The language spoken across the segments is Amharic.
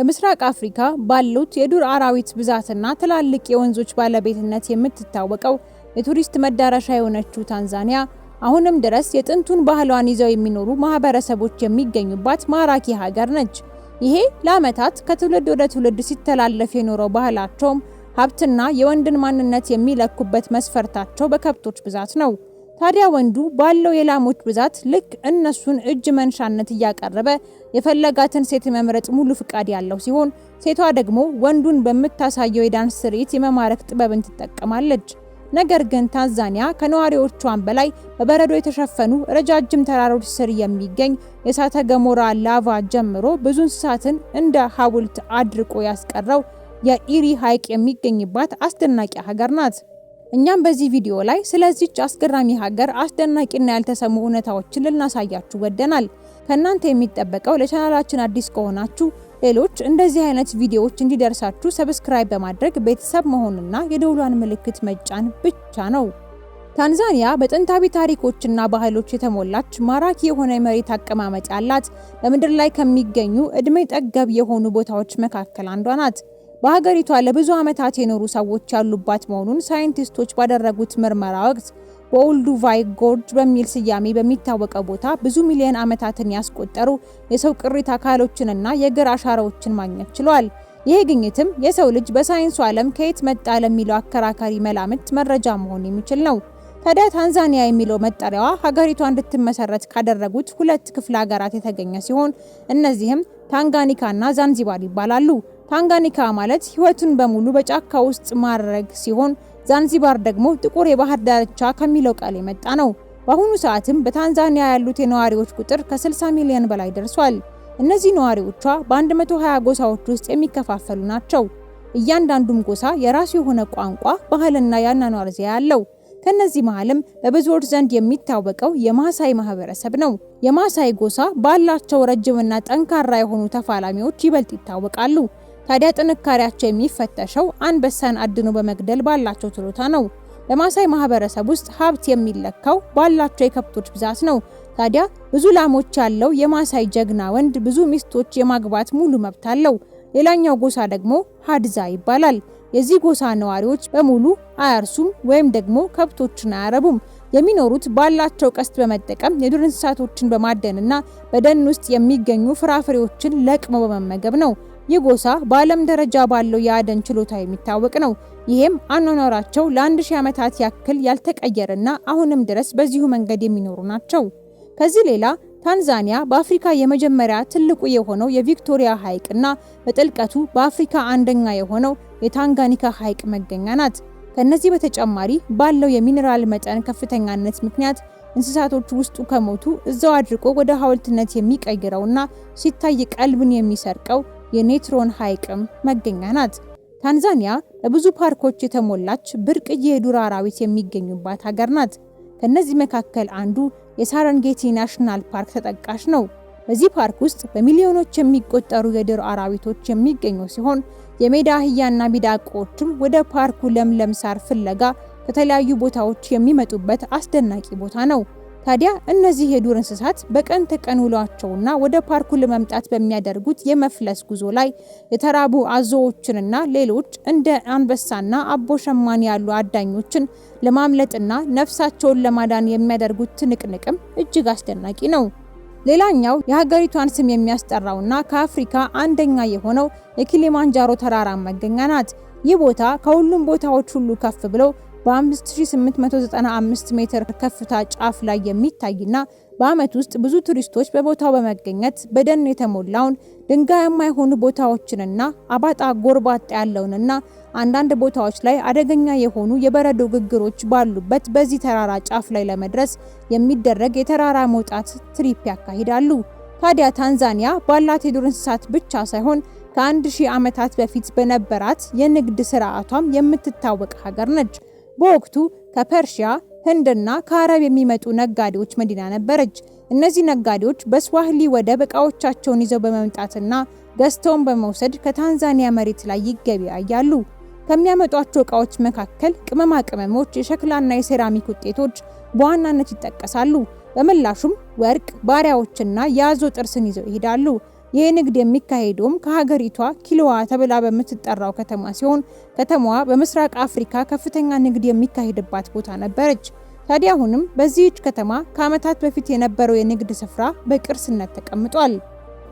በምስራቅ አፍሪካ ባሉት የዱር አራዊት ብዛትና ትላልቅ የወንዞች ባለቤትነት የምትታወቀው የቱሪስት መዳረሻ የሆነችው ታንዛኒያ አሁንም ድረስ የጥንቱን ባህሏን ይዘው የሚኖሩ ማህበረሰቦች የሚገኙባት ማራኪ ሀገር ነች። ይሄ ለዓመታት ከትውልድ ወደ ትውልድ ሲተላለፍ የኖረው ባህላቸውም ሀብትና የወንድን ማንነት የሚለኩበት መስፈርታቸው በከብቶች ብዛት ነው። ታዲያ ወንዱ ባለው የላሞች ብዛት ልክ እነሱን እጅ መንሻነት እያቀረበ የፈለጋትን ሴት የመምረጥ ሙሉ ፍቃድ ያለው ሲሆን፣ ሴቷ ደግሞ ወንዱን በምታሳየው የዳንስ ስርኢት የመማረክ ጥበብን ትጠቀማለች። ነገር ግን ታንዛኒያ ከነዋሪዎቿን በላይ በበረዶ የተሸፈኑ ረጃጅም ተራሮች ስር የሚገኝ የእሳተ ገሞራ ላቫ ጀምሮ ብዙ እንስሳትን እንደ ሐውልት አድርቆ ያስቀረው የኢሪ ሐይቅ የሚገኝባት አስደናቂ ሀገር ናት። እኛም በዚህ ቪዲዮ ላይ ስለዚች አስገራሚ ሀገር አስደናቂና ያልተሰሙ እውነታዎችን ልናሳያችሁ ወደናል። ከእናንተ የሚጠበቀው ለቻናላችን አዲስ ከሆናችሁ ሌሎች እንደዚህ አይነት ቪዲዮዎች እንዲደርሳችሁ ሰብስክራይብ በማድረግ ቤተሰብ መሆንና የደውሏን ምልክት መጫን ብቻ ነው። ታንዛኒያ በጥንታዊ ታሪኮችና ባህሎች የተሞላች ማራኪ የሆነ የመሬት አቀማመጥ ያላት በምድር ላይ ከሚገኙ እድሜ ጠገብ የሆኑ ቦታዎች መካከል አንዷ ናት። በሀገሪቷ ለብዙ ዓመታት የኖሩ ሰዎች ያሉባት መሆኑን ሳይንቲስቶች ባደረጉት ምርመራ ወቅት በኦልዱቫይ ጎርጅ በሚል ስያሜ በሚታወቀው ቦታ ብዙ ሚሊዮን ዓመታትን ያስቆጠሩ የሰው ቅሪት አካሎችንና የእግር አሻራዎችን ማግኘት ችሏል። ይህ ግኝትም የሰው ልጅ በሳይንሱ ዓለም ከየት መጣ ለሚለው አከራካሪ መላምት መረጃ መሆን የሚችል ነው። ታዲያ ታንዛኒያ የሚለው መጠሪያዋ ሀገሪቷ እንድትመሰረት ካደረጉት ሁለት ክፍለ ሀገራት የተገኘ ሲሆን እነዚህም ታንጋኒካና ዛንዚባር ይባላሉ። ታንጋኒካ ማለት ህይወቱን በሙሉ በጫካ ውስጥ ማድረግ ሲሆን ዛንዚባር ደግሞ ጥቁር የባህር ዳርቻ ከሚለው ቃል የመጣ ነው። በአሁኑ ሰዓትም በታንዛኒያ ያሉት የነዋሪዎች ቁጥር ከ60 ሚሊዮን በላይ ደርሷል። እነዚህ ነዋሪዎቿ በ120 ጎሳዎች ውስጥ የሚከፋፈሉ ናቸው። እያንዳንዱም ጎሳ የራሱ የሆነ ቋንቋ፣ ባህልና የአኗኗር ዘዬ አለው። ከነዚህ መሀልም በብዙዎች ዘንድ የሚታወቀው የማሳይ ማህበረሰብ ነው። የማሳይ ጎሳ ባላቸው ረጅምና ጠንካራ የሆኑ ተፋላሚዎች ይበልጥ ይታወቃሉ። ታዲያ ጥንካሬያቸው የሚፈተሸው አንበሳን አድኖ በመግደል ባላቸው ችሎታ ነው። በማሳይ ማህበረሰብ ውስጥ ሀብት የሚለካው ባላቸው የከብቶች ብዛት ነው። ታዲያ ብዙ ላሞች ያለው የማሳይ ጀግና ወንድ ብዙ ሚስቶች የማግባት ሙሉ መብት አለው። ሌላኛው ጎሳ ደግሞ ሀድዛ ይባላል። የዚህ ጎሳ ነዋሪዎች በሙሉ አያርሱም ወይም ደግሞ ከብቶችን አያረቡም። የሚኖሩት ባላቸው ቀስት በመጠቀም የዱር እንስሳቶችን በማደንና በደን ውስጥ የሚገኙ ፍራፍሬዎችን ለቅመው በመመገብ ነው። ይህ ጎሳ በዓለም ደረጃ ባለው የአደን ችሎታ የሚታወቅ ነው። ይህም አኗኗራቸው ለአንድ ሺህ ዓመታት ያክል ያልተቀየረና አሁንም ድረስ በዚሁ መንገድ የሚኖሩ ናቸው። ከዚህ ሌላ ታንዛኒያ በአፍሪካ የመጀመሪያ ትልቁ የሆነው የቪክቶሪያ ሐይቅና በጥልቀቱ በአፍሪካ አንደኛ የሆነው የታንጋኒካ ሐይቅ መገኛ ናት። ከነዚህ በተጨማሪ ባለው የሚኔራል መጠን ከፍተኛነት ምክንያት እንስሳቶች ውስጡ ከሞቱ እዛው አድርቆ ወደ ሐውልትነት የሚቀይረውና ሲታይ ቀልብን የሚሰርቀው የኔትሮን ሐይቅም መገኛ ናት። ታንዛኒያ በብዙ ፓርኮች የተሞላች ብርቅዬ የዱር አራዊት የሚገኙባት ሀገር ናት። ከእነዚህ መካከል አንዱ የሳረንጌቲ ናሽናል ፓርክ ተጠቃሽ ነው። በዚህ ፓርክ ውስጥ በሚሊዮኖች የሚቆጠሩ የዱር አራዊቶች የሚገኙ ሲሆን የሜዳ አህያና ሚዳቆዎችም ወደ ፓርኩ ለምለም ሳር ፍለጋ ከተለያዩ ቦታዎች የሚመጡበት አስደናቂ ቦታ ነው። ታዲያ እነዚህ የዱር እንስሳት በቀን ተቀን ውሏቸውና ወደ ፓርኩ ለመምጣት በሚያደርጉት የመፍለስ ጉዞ ላይ የተራቡ አዞዎችንና ሌሎች እንደ አንበሳና ሸማኔ ያሉ አዳኞችን ለማምለጥና ነፍሳቸውን ለማዳን የሚያደርጉት ትንቅንቅም እጅግ አስደናቂ ነው። ሌላኛው የሀገሪቷን ስም የሚያስጠራውና ከአፍሪካ አንደኛ የሆነው የኪሊማንጃሮ ተራራ መገኛ ናት። ይህ ቦታ ከሁሉም ቦታዎች ሁሉ ከፍ ብለው በ5895 ሜትር ከፍታ ጫፍ ላይ የሚታይና በዓመት ውስጥ ብዙ ቱሪስቶች በቦታው በመገኘት በደን የተሞላውን ድንጋያማ የሆኑ ቦታዎችንና አባጣ ጎርባጣ ያለውንና አንዳንድ ቦታዎች ላይ አደገኛ የሆኑ የበረዶ ግግሮች ባሉበት በዚህ ተራራ ጫፍ ላይ ለመድረስ የሚደረግ የተራራ መውጣት ትሪፕ ያካሂዳሉ። ታዲያ ታንዛኒያ ባላት የዱር እንስሳት ብቻ ሳይሆን ከአንድ ሺህ ዓመታት በፊት በነበራት የንግድ ስርዓቷም የምትታወቅ ሀገር ነች። በወቅቱ ከፐርሺያ ህንድና ከአረብ የሚመጡ ነጋዴዎች መዲና ነበረች። እነዚህ ነጋዴዎች በስዋህሊ ወደብ እቃዎቻቸውን ይዘው በመምጣትና ገዝተውን በመውሰድ ከታንዛኒያ መሬት ላይ ይገበያያሉ። ከሚያመጧቸው እቃዎች መካከል ቅመማ ቅመሞች፣ የሸክላና የሴራሚክ ውጤቶች በዋናነት ይጠቀሳሉ። በምላሹም ወርቅ፣ ባሪያዎችና የአዞ ጥርስን ይዘው ይሄዳሉ። ይህ ንግድ የሚካሄደውም ከሀገሪቷ ኪሎዋ ተብላ በምትጠራው ከተማ ሲሆን ከተማዋ በምስራቅ አፍሪካ ከፍተኛ ንግድ የሚካሄድባት ቦታ ነበረች። ታዲያ አሁንም በዚህች ከተማ ከዓመታት በፊት የነበረው የንግድ ስፍራ በቅርስነት ተቀምጧል።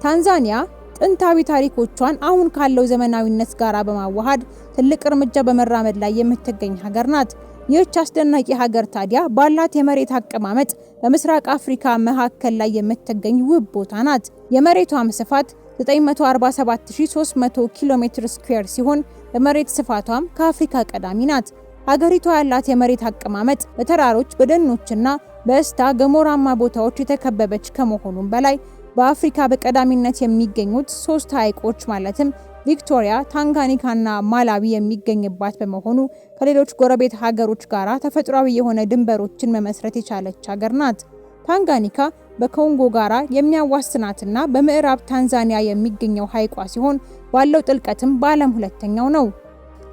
ታንዛኒያ ጥንታዊ ታሪኮቿን አሁን ካለው ዘመናዊነት ጋር በማዋሃድ ትልቅ እርምጃ በመራመድ ላይ የምትገኝ ሀገር ናት። ይህች አስደናቂ ሀገር ታዲያ ባላት የመሬት አቀማመጥ በምስራቅ አፍሪካ መካከል ላይ የምትገኝ ውብ ቦታ ናት። የመሬቷም ስፋት 947300 ኪሎ ሜትር ስኩዌር ሲሆን በመሬት ስፋቷም ከአፍሪካ ቀዳሚ ናት። ሀገሪቷ ያላት የመሬት አቀማመጥ በተራሮች በደኖችና በእስታ ገሞራማ ቦታዎች የተከበበች ከመሆኑም በላይ በአፍሪካ በቀዳሚነት የሚገኙት ሶስት ሐይቆች ማለትም ቪክቶሪያ ታንጋኒካና ማላዊ የሚገኝባት በመሆኑ ከሌሎች ጎረቤት ሀገሮች ጋር ተፈጥሯዊ የሆነ ድንበሮችን መመስረት የቻለች ሀገር ናት። ታንጋኒካ በኮንጎ ጋራ የሚያዋስናትና በምዕራብ ታንዛኒያ የሚገኘው ሐይቋ ሲሆን ባለው ጥልቀትም በዓለም ሁለተኛው ነው።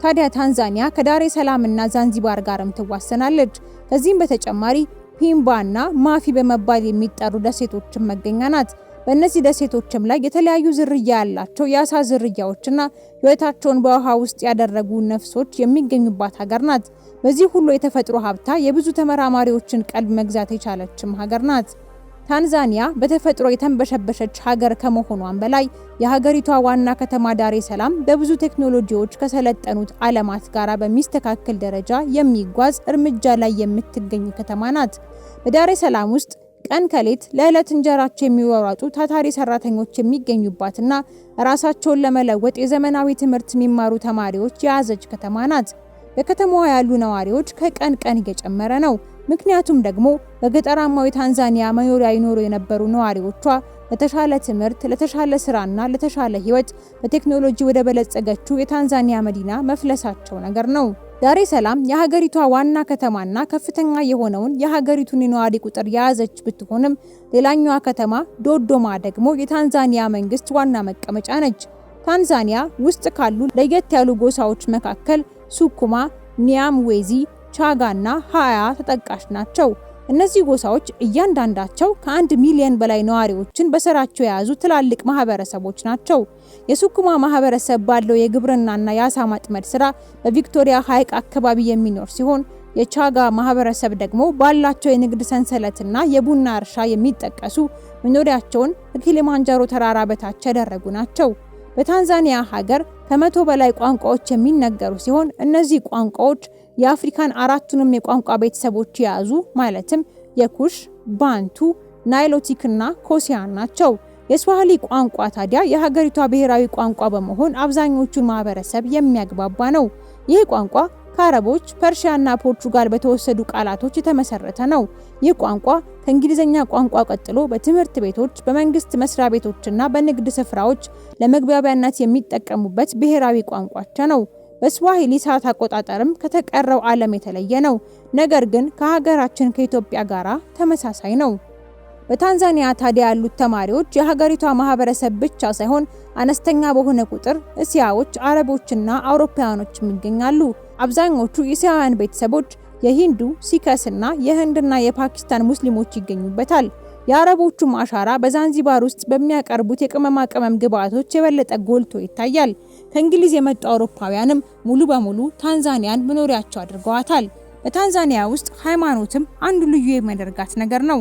ታዲያ ታንዛኒያ ከዳሬ ሰላምና ዛንዚባር ጋርም ትዋሰናለች። ከዚህም በተጨማሪ ፒምባ እና ማፊ በመባል የሚጠሩ ደሴቶችን መገኛ ናት። በእነዚህ ደሴቶችም ላይ የተለያዩ ዝርያ ያላቸው የአሳ ዝርያዎችና ህይወታቸውን በውሃ ውስጥ ያደረጉ ነፍሶች የሚገኙባት ሀገር ናት። በዚህ ሁሉ የተፈጥሮ ሀብታ የብዙ ተመራማሪዎችን ቀልብ መግዛት የቻለችም ሀገር ናት። ታንዛኒያ በተፈጥሮ የተንበሸበሸች ሀገር ከመሆኗን በላይ የሀገሪቷ ዋና ከተማ ዳሬ ሰላም በብዙ ቴክኖሎጂዎች ከሰለጠኑት ዓለማት ጋር በሚስተካከል ደረጃ የሚጓዝ እርምጃ ላይ የምትገኝ ከተማ ናት። በዳሬ ሰላም ውስጥ ቀን ከሌት ለዕለት እንጀራቸው የሚወራጡ ታታሪ ሰራተኞች የሚገኙባትና ራሳቸውን ለመለወጥ የዘመናዊ ትምህርት የሚማሩ ተማሪዎች የያዘች ከተማ ናት። በከተማዋ ያሉ ነዋሪዎች ከቀን ቀን እየጨመረ ነው። ምክንያቱም ደግሞ በገጠራማው ታንዛኒያ መኖሪያ ይኖሩ የነበሩ ነዋሪዎቿ ለተሻለ ትምህርት፣ ለተሻለ ስራና ለተሻለ ህይወት በቴክኖሎጂ ወደ በለጸገችው የታንዛኒያ መዲና መፍለሳቸው ነገር ነው። ዳሬ ሰላም የሀገሪቷ ዋና ከተማና ከፍተኛ የሆነውን የሀገሪቱን የነዋሪ ቁጥር የያዘች ብትሆንም ሌላኛዋ ከተማ ዶዶማ ደግሞ የታንዛኒያ መንግስት ዋና መቀመጫ ነች። ታንዛኒያ ውስጥ ካሉ ለየት ያሉ ጎሳዎች መካከል ሱኩማ፣ ኒያምዌዚ፣ ቻጋና ሃያ ተጠቃሽ ናቸው። እነዚህ ጎሳዎች እያንዳንዳቸው ከአንድ ሚሊዮን በላይ ነዋሪዎችን በስራቸው የያዙ ትላልቅ ማህበረሰቦች ናቸው። የሱኩማ ማህበረሰብ ባለው የግብርናና የአሳ ማጥመድ ስራ በቪክቶሪያ ሐይቅ አካባቢ የሚኖር ሲሆን የቻጋ ማህበረሰብ ደግሞ ባላቸው የንግድ ሰንሰለትና የቡና እርሻ የሚጠቀሱ መኖሪያቸውን ከኪሊማንጃሮ ተራራ በታች ያደረጉ ናቸው። በታንዛኒያ ሀገር ከመቶ በላይ ቋንቋዎች የሚነገሩ ሲሆን እነዚህ ቋንቋዎች የአፍሪካን አራቱንም የቋንቋ ቤተሰቦች የያዙ ማለትም የኩሽ፣ ባንቱ፣ ናይሎቲክና ኮሲያን ናቸው። የስዋሂሊ ቋንቋ ታዲያ የሀገሪቷ ብሔራዊ ቋንቋ በመሆን አብዛኞቹን ማህበረሰብ የሚያግባባ ነው። ይህ ቋንቋ ከአረቦች ፐርሺያና ፖርቹጋል በተወሰዱ ቃላቶች የተመሰረተ ነው። ይህ ቋንቋ ከእንግሊዝኛ ቋንቋ ቀጥሎ በትምህርት ቤቶች፣ በመንግስት መስሪያ ቤቶችና በንግድ ስፍራዎች ለመግባቢያነት የሚጠቀሙበት ብሔራዊ ቋንቋቸው ነው። በስዋሂሊ ሰዓት አቆጣጠርም ከተቀረው ዓለም የተለየ ነው። ነገር ግን ከሀገራችን ከኢትዮጵያ ጋራ ተመሳሳይ ነው። በታንዛኒያ ታዲያ ያሉት ተማሪዎች የሀገሪቷ ማህበረሰብ ብቻ ሳይሆን አነስተኛ በሆነ ቁጥር እስያዎች፣ አረቦችና አውሮፓውያኖችም ይገኛሉ። አብዛኞቹ እስያውያን ቤተሰቦች የሂንዱ፣ ሲከስና የህንድና የፓኪስታን ሙስሊሞች ይገኙበታል። የአረቦቹም አሻራ በዛንዚባር ውስጥ በሚያቀርቡት የቅመማ ቅመም ግብዓቶች የበለጠ ጎልቶ ይታያል። ከእንግሊዝ የመጡ አውሮፓውያንም ሙሉ በሙሉ ታንዛኒያን መኖሪያቸው አድርገዋታል። በታንዛኒያ ውስጥ ሃይማኖትም አንዱ ልዩ የሚያደርጋት ነገር ነው።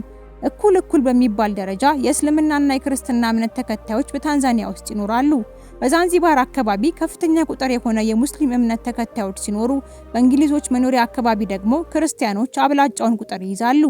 እኩል እኩል በሚባል ደረጃ የእስልምናና የክርስትና እምነት ተከታዮች በታንዛኒያ ውስጥ ይኖራሉ። በዛንዚባር አካባቢ ከፍተኛ ቁጥር የሆነ የሙስሊም እምነት ተከታዮች ሲኖሩ፣ በእንግሊዞች መኖሪያ አካባቢ ደግሞ ክርስቲያኖች አብላጫውን ቁጥር ይይዛሉ።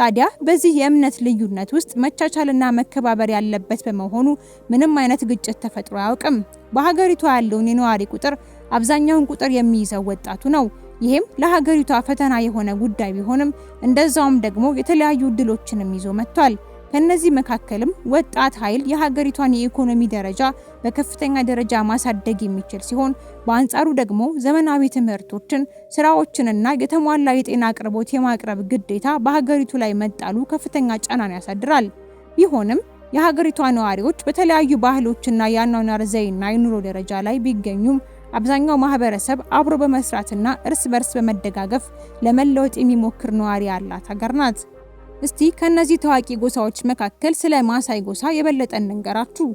ታዲያ በዚህ የእምነት ልዩነት ውስጥ መቻቻልና መከባበር ያለበት በመሆኑ ምንም አይነት ግጭት ተፈጥሮ አያውቅም። በሀገሪቷ ያለውን የነዋሪ ቁጥር አብዛኛውን ቁጥር የሚይዘው ወጣቱ ነው። ይህም ለሀገሪቷ ፈተና የሆነ ጉዳይ ቢሆንም እንደዛውም ደግሞ የተለያዩ እድሎችንም ይዞ መጥቷል። ከነዚህ መካከልም ወጣት ኃይል የሀገሪቷን የኢኮኖሚ ደረጃ በከፍተኛ ደረጃ ማሳደግ የሚችል ሲሆን በአንጻሩ ደግሞ ዘመናዊ ትምህርቶችን፣ ስራዎችንና የተሟላ የጤና አቅርቦት የማቅረብ ግዴታ በሀገሪቱ ላይ መጣሉ ከፍተኛ ጫናን ያሳድራል። ቢሆንም የሀገሪቷ ነዋሪዎች በተለያዩ ባህሎችና የአኗኗር ዘይና የኑሮ ደረጃ ላይ ቢገኙም አብዛኛው ማህበረሰብ አብሮ በመስራትና እርስ በርስ በመደጋገፍ ለመለወጥ የሚሞክር ነዋሪ ያላት ሀገር ናት። እስቲ ከነዚህ ታዋቂ ጎሳዎች መካከል ስለ ማሳይ ጎሳ የበለጠ እንንገራችሁ።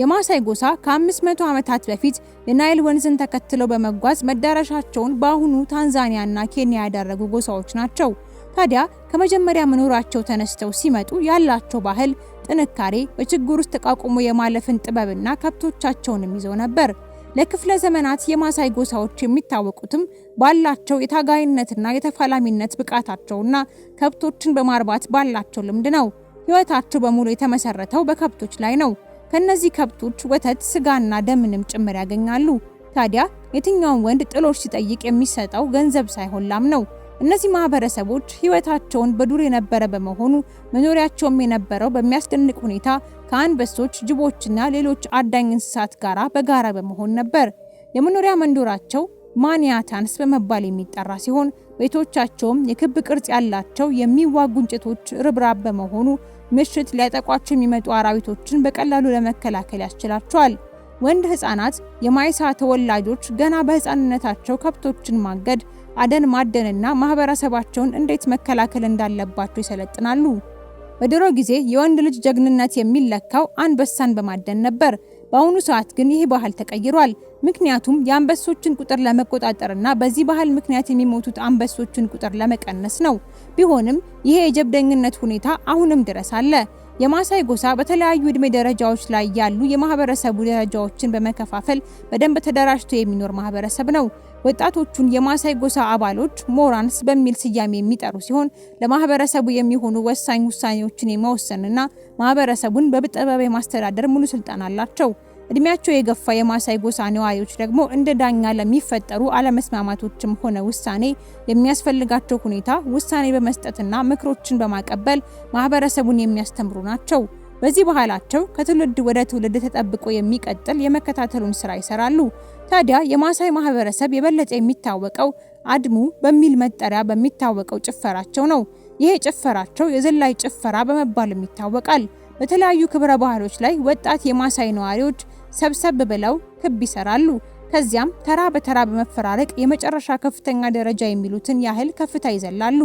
የማሳይ ጎሳ ከ500 ዓመታት በፊት የናይል ወንዝን ተከትለው በመጓዝ መዳረሻቸውን በአሁኑ ታንዛኒያና ኬንያ ያደረጉ ጎሳዎች ናቸው። ታዲያ ከመጀመሪያ መኖራቸው ተነስተው ሲመጡ ያላቸው ባህል፣ ጥንካሬ፣ በችግር ውስጥ ተቋቁሞ የማለፍን ጥበብና ከብቶቻቸውንም ይዘው ነበር። ለክፍለ ዘመናት የማሳይ ጎሳዎች የሚታወቁትም ባላቸው የታጋይነትና የተፋላሚነት ብቃታቸውና ከብቶችን በማርባት ባላቸው ልምድ ነው። ሕይወታቸው በሙሉ የተመሰረተው በከብቶች ላይ ነው። ከነዚህ ከብቶች ወተት፣ ስጋና ደምንም ጭምር ያገኛሉ። ታዲያ የትኛውን ወንድ ጥሎች ሲጠይቅ የሚሰጠው ገንዘብ ሳይሆን ላም ነው። እነዚህ ማህበረሰቦች ህይወታቸውን በዱር የነበረ በመሆኑ መኖሪያቸውም የነበረው በሚያስደንቅ ሁኔታ ከአንበሶች፣ ጅቦችና ሌሎች አዳኝ እንስሳት ጋር በጋራ በመሆን ነበር። የመኖሪያ መንደራቸው ማንያታንስ በመባል የሚጠራ ሲሆን ቤቶቻቸውም የክብ ቅርጽ ያላቸው የሚዋጉ እንጨቶች ርብራብ በመሆኑ ምሽት ሊያጠቋቸው የሚመጡ አራዊቶችን በቀላሉ ለመከላከል ያስችላቸዋል። ወንድ ህፃናት የማይሳ ተወላጆች ገና በህፃንነታቸው ከብቶችን ማገድ አደን ማደንና ማህበረሰባቸውን እንዴት መከላከል እንዳለባቸው ይሰለጥናሉ። በድሮ ጊዜ የወንድ ልጅ ጀግንነት የሚለካው አንበሳን በማደን ነበር። በአሁኑ ሰዓት ግን ይህ ባህል ተቀይሯል። ምክንያቱም የአንበሶችን ቁጥር ለመቆጣጠርና በዚህ ባህል ምክንያት የሚሞቱት አንበሶችን ቁጥር ለመቀነስ ነው። ቢሆንም ይሄ የጀብደኝነት ሁኔታ አሁንም ድረስ አለ። የማሳይ ጎሳ በተለያዩ እድሜ ደረጃዎች ላይ ያሉ የማህበረሰቡ ደረጃዎችን በመከፋፈል በደንብ ተደራጅቶ የሚኖር ማህበረሰብ ነው። ወጣቶቹን የማሳይ ጎሳ አባሎች ሞራንስ በሚል ስያሜ የሚጠሩ ሲሆን ለማህበረሰቡ የሚሆኑ ወሳኝ ውሳኔዎችን የመወሰንና ማህበረሰቡን በብጠበብ የማስተዳደር ሙሉ ስልጣን አላቸው። እድሜያቸው የገፋ የማሳይ ጎሳ ነዋሪዎች ደግሞ እንደ ዳኛ ለሚፈጠሩ አለመስማማቶችም ሆነ ውሳኔ የሚያስፈልጋቸው ሁኔታ ውሳኔ በመስጠትና ምክሮችን በማቀበል ማህበረሰቡን የሚያስተምሩ ናቸው። በዚህ ባህላቸው ከትውልድ ወደ ትውልድ ተጠብቆ የሚቀጥል የመከታተሉን ስራ ይሰራሉ። ታዲያ የማሳይ ማህበረሰብ የበለጠ የሚታወቀው አድሙ በሚል መጠሪያ በሚታወቀው ጭፈራቸው ነው። ይሄ ጭፈራቸው የዘላይ ጭፈራ በመባልም ይታወቃል። በተለያዩ ክብረ ባህሎች ላይ ወጣት የማሳይ ነዋሪዎች ሰብሰብ ብለው ክብ ይሰራሉ። ከዚያም ተራ በተራ በመፈራረቅ የመጨረሻ ከፍተኛ ደረጃ የሚሉትን ያህል ከፍታ ይዘላሉ።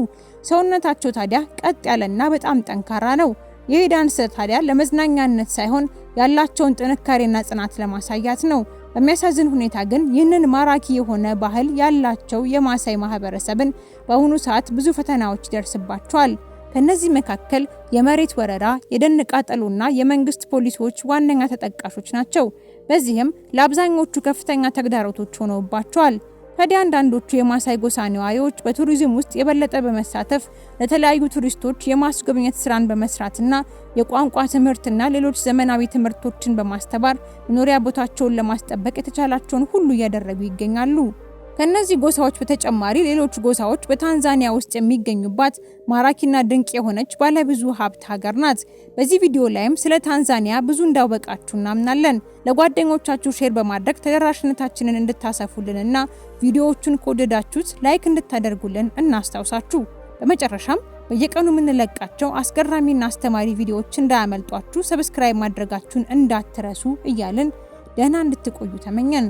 ሰውነታቸው ታዲያ ቀጥ ያለና በጣም ጠንካራ ነው። ይህ ዳንስ ታዲያ ለመዝናኛነት ሳይሆን ያላቸውን ጥንካሬና ጽናት ለማሳያት ነው። በሚያሳዝን ሁኔታ ግን ይህንን ማራኪ የሆነ ባህል ያላቸው የማሳይ ማህበረሰብን በአሁኑ ሰዓት ብዙ ፈተናዎች ይደርስባቸዋል። ከነዚህ መካከል የመሬት ወረራ፣ የደን ቃጠሎና የመንግስት ፖሊሶች ዋነኛ ተጠቃሾች ናቸው። በዚህም ለአብዛኞቹ ከፍተኛ ተግዳሮቶች ሆነውባቸዋል። ታዲያ አንዳንዶቹ የማሳይ ጎሳ ነዋሪዎች በቱሪዝም ውስጥ የበለጠ በመሳተፍ ለተለያዩ ቱሪስቶች የማስጎብኘት ስራን በመስራትና የቋንቋ ትምህርትና ሌሎች ዘመናዊ ትምህርቶችን በማስተባር መኖሪያ ቦታቸውን ለማስጠበቅ የተቻላቸውን ሁሉ እያደረጉ ይገኛሉ። ከእነዚህ ጎሳዎች በተጨማሪ ሌሎች ጎሳዎች በታንዛኒያ ውስጥ የሚገኙባት ማራኪና ድንቅ የሆነች ባለብዙ ሀብት ሀገር ናት። በዚህ ቪዲዮ ላይም ስለ ታንዛኒያ ብዙ እንዳወቃችሁ እናምናለን። ለጓደኞቻችሁ ሼር በማድረግ ተደራሽነታችንን እንድታሰፉልንና ቪዲዮዎቹን ከወደዳችሁት ላይክ እንድታደርጉልን እናስታውሳችሁ። በመጨረሻም በየቀኑ የምንለቃቸው አስገራሚና አስተማሪ ቪዲዮዎች እንዳያመልጧችሁ ሰብስክራይብ ማድረጋችሁን እንዳትረሱ እያልን ደህና እንድትቆዩ ተመኘን።